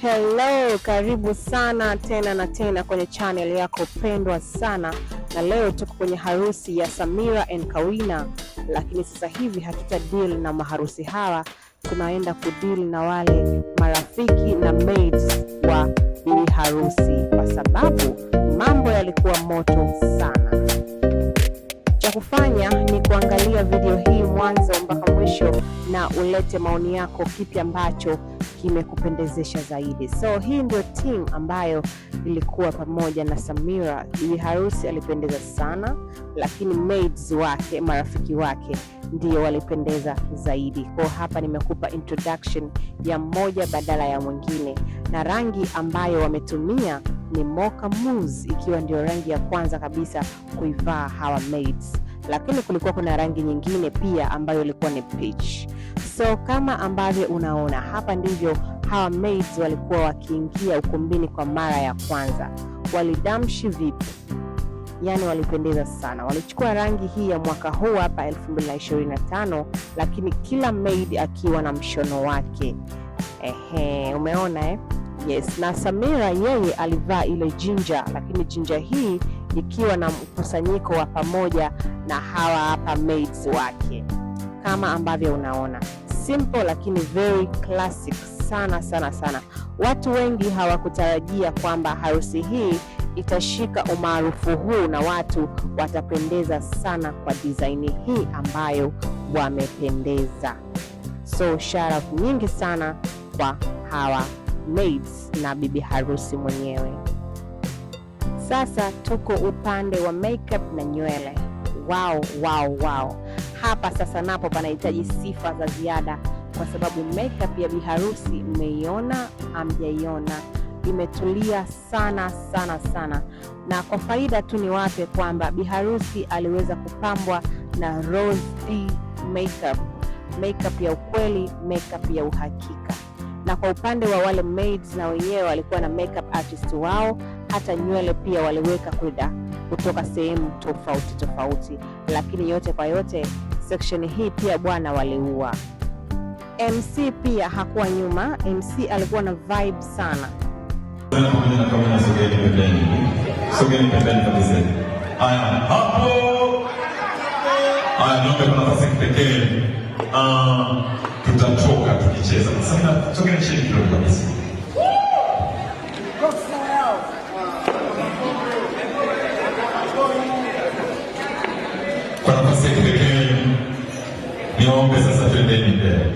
Hello, karibu sana tena na tena kwenye channel yako pendwa sana, na leo tuko kwenye harusi ya Samira and Kawina, lakini sasa hivi hatuta deal na maharusi hawa, tunaenda kudeal na wale marafiki na maids wa bibi harusi, kwa sababu mambo yalikuwa moto sana. Cha kufanya ni kuangalia video hii mwanzo mpaka mwisho na ulete maoni yako, kipi ambacho kimekupendezesha zaidi. So hii ndio timu ambayo ilikuwa pamoja na Samira. Bi harusi alipendeza sana, lakini maids wake, marafiki wake ndio walipendeza zaidi. Kwa hapa nimekupa introduction ya mmoja badala ya mwingine, na rangi ambayo wametumia ni mocha mousse, ikiwa ndio rangi ya kwanza kabisa kuivaa hawa maids, lakini kulikuwa kuna rangi nyingine pia ambayo ilikuwa ni peach. So kama ambavyo unaona hapa, ndivyo hawa maids walikuwa wakiingia ukumbini kwa mara ya kwanza. Walidamshi vipi? Yaani walipendeza sana. Walichukua rangi hii ya mwaka huu hapa 2025, lakini kila maid akiwa na mshono wake. Ehe, umeona eh? Yes, na Samira yeye alivaa ile jinja, lakini jinja hii ikiwa na mkusanyiko wa pamoja na hawa hapa maids wake kama ambavyo unaona simple lakini very classic sana sana sana. Watu wengi hawakutarajia kwamba harusi hii itashika umaarufu huu na watu watapendeza sana kwa design hii ambayo wamependeza. So shout out nyingi sana kwa hawa maids na bibi harusi mwenyewe. Sasa tuko upande wa makeup na nywele. Wow, wow, wow hapa sasa napo panahitaji sifa za ziada, kwa sababu makeup ya biharusi mmeiona, amjaiona imetulia sana sana sana. Na kwa faida tu ni wape kwamba biharusi aliweza kupambwa na Rose D makeup, makeup ya ukweli, makeup ya uhakika. Na kwa upande wa wale maids, na wenyewe walikuwa na makeup artist wao, hata nywele pia waliweka kuda kutoka sehemu tofauti tofauti, lakini yote kwa yote Section hii pia bwana waliua. MC pia hakuwa nyuma, MC alikuwa na vibe sana. Ah, tutatoka tukicheza. niwaombe sasa, twendeni mbele.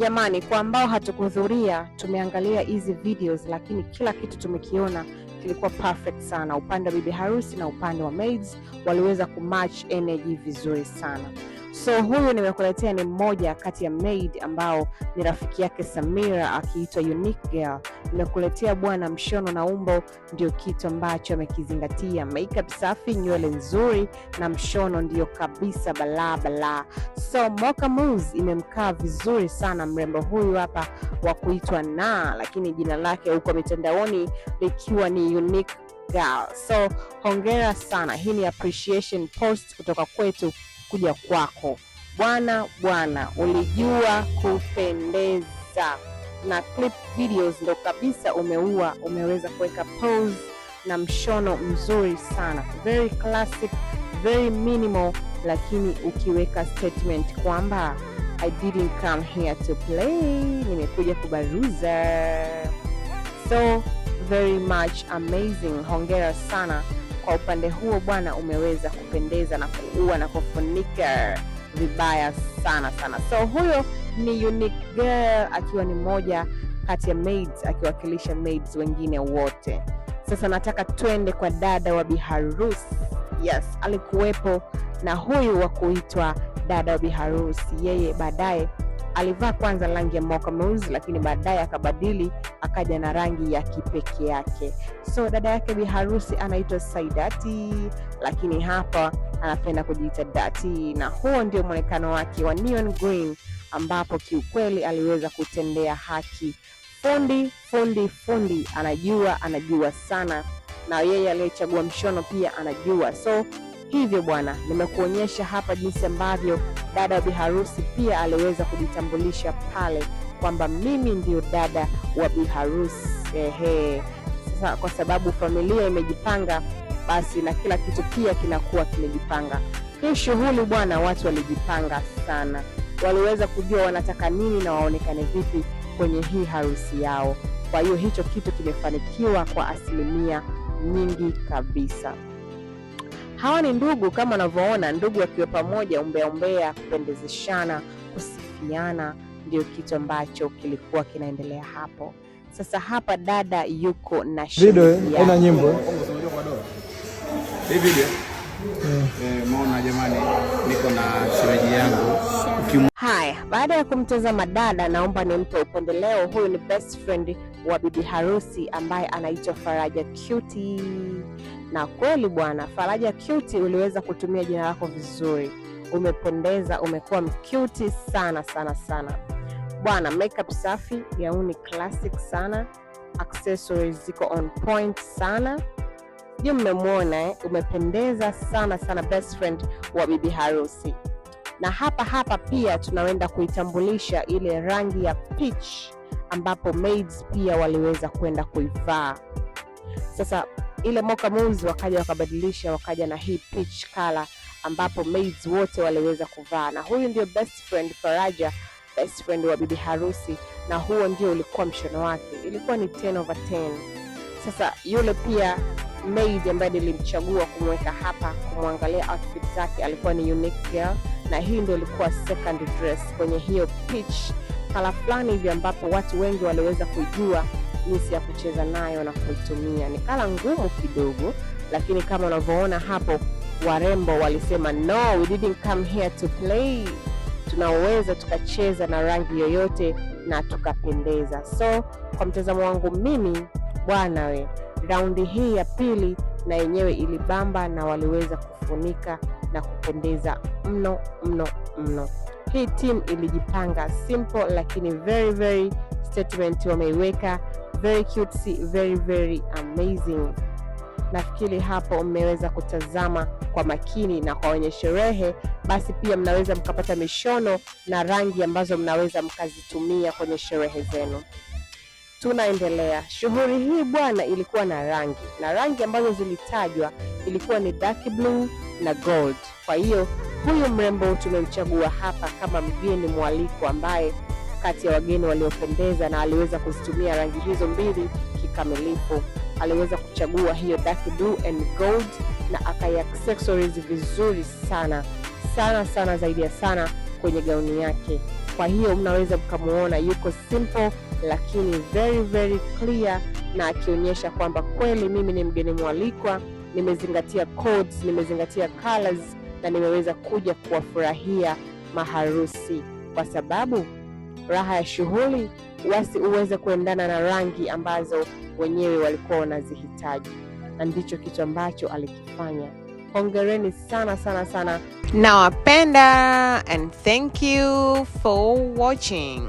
Jamani, kwa ambao hatukuhudhuria, tumeangalia hizi videos, lakini kila kitu tumekiona kilikuwa perfect sana. Upande wa bibi harusi na upande wa maids waliweza kumatch energy vizuri sana. So huyu nimekuletea ni mmoja kati ya maid ambao ni rafiki yake Samira akiitwa Unique Girl. Nimekuletea bwana, mshono na umbo ndio kitu ambacho amekizingatia. Makeup safi, nywele nzuri na mshono ndio kabisa balaa balaa. So Moka Mousse imemkaa vizuri sana mrembo huyu hapa wa kuitwa Na, lakini jina lake huko mitandaoni likiwa ni Unique Girl. So hongera sana, hii ni appreciation post kutoka kwetu kuja kwako. Bwana Bwana, ulijua kupendeza na clip videos ndo kabisa umeua, umeweza kuweka pose na mshono mzuri sana, very classic, very minimal, lakini ukiweka statement kwamba I didn't come here to play, nimekuja kubaruza. So very much amazing, hongera sana kwa upande huo bwana umeweza kupendeza na kuua na kufunika vibaya sana sana. So huyo ni Unique Girl akiwa ni moja kati ya maids akiwakilisha maids wengine wote. Sasa nataka twende kwa dada wa Biharus. Yes, alikuwepo na huyu wa kuitwa dada wa Biharus, yeye baadaye Alivaa kwanza rangi ya mweusi, lakini baadaye akabadili akaja na rangi ya kipeke yake. So dada yake bi harusi anaitwa Saidati, lakini hapa anapenda kujiita Dati, na huo ndio mwonekano wake wa neon green, ambapo kiukweli aliweza kutendea haki fundi. Fundi fundi anajua, anajua sana, na yeye aliyechagua mshono pia anajua so Hivyo bwana, nimekuonyesha hapa jinsi ambavyo dada wa biharusi pia aliweza kujitambulisha pale kwamba mimi ndio dada wa biharusi. Ehe, sasa kwa sababu familia imejipanga, basi na kila kitu pia kinakuwa kimejipanga. Hii shughuli bwana, watu walijipanga sana, waliweza kujua wanataka nini na waonekane vipi kwenye hii harusi yao. Kwa hiyo hicho kitu kimefanikiwa kwa asilimia nyingi kabisa. Hawa ni ndugu kama unavyoona, ndugu wakiwa pamoja, umbea umbea, kupendezeshana, kusifiana, ndio kitu ambacho kilikuwa kinaendelea hapo. Sasa hapa dada yuko na video ina nyimbo Maona mm. eh, jamani, niko na shereji yangu. Haya, baada ya kumtazama dada, naomba nimpe upendeleo. Huyu ni best friend wa bibi harusi ambaye anaitwa Faraja Cutie. Na kweli bwana Faraja Cute, uliweza kutumia jina lako vizuri, umependeza, umekuwa mcuti sana sana sana bwana. Makeup safi, gauni classic sana, accessories ziko on point sana. juu mmemwona eh? Umependeza sana sana, best friend wa bibi harusi. Na hapa hapa pia tunaenda kuitambulisha ile rangi ya peach ambapo maids pia waliweza kwenda kuivaa sasa ile mwaka Moons wakaja wakabadilisha, wakaja na hii peach color ambapo maids wote waliweza kuvaa, na huyu ndio best friend Faraja, best friend wa bibi harusi, na huo ndio ulikuwa mshono wake, ilikuwa ni 10 over 10. Sasa yule pia maid ambaye nilimchagua kumweka hapa kumwangalia outfit zake alikuwa ni unique girl, na hii ndio ilikuwa second dress kwenye hiyo peach color fulani hivi, ambapo watu wengi waliweza kujua jinsi ya kucheza nayo na kuitumia. Ni kala ngumu kidogo, lakini kama unavyoona hapo, warembo walisema no, we didn't come here to play, tunaweza tukacheza na rangi yoyote na tukapendeza. So kwa mtazamo wangu mimi, bwana we, raundi hii ya pili na yenyewe ilibamba na waliweza kufunika na kupendeza mno mno mno. Hii team ilijipanga simple, lakini very very statement wameiweka very cute, very very amazing. Nafikiri hapo mmeweza kutazama kwa makini, na kwa wenye sherehe basi pia mnaweza mkapata mishono na rangi ambazo mnaweza mkazitumia kwenye sherehe zenu. Tunaendelea. Shughuli hii bwana, ilikuwa na rangi na rangi ambazo zilitajwa ilikuwa ni dark blue na gold. Kwa hiyo huyu mrembo tumemchagua hapa kama mgeni mwaliko ambaye kati ya wageni waliopendeza, na aliweza kuzitumia rangi hizo mbili kikamilifu. Aliweza kuchagua hiyo dark blue and gold na akaiaccessorize vizuri sana sana sana, zaidi ya sana kwenye gauni yake. Kwa hiyo mnaweza mkamwona yuko simple lakini very very clear, na akionyesha kwamba kweli mimi ni mgeni mwalikwa, nimezingatia codes, nimezingatia colors na nimeweza kuja kuwafurahia maharusi kwa sababu raha ya shughuli, basi uweze kuendana na rangi ambazo wenyewe walikuwa wanazihitaji, na ndicho kitu ambacho alikifanya. Hongereni sana sana sana, nawapenda and thank you for watching.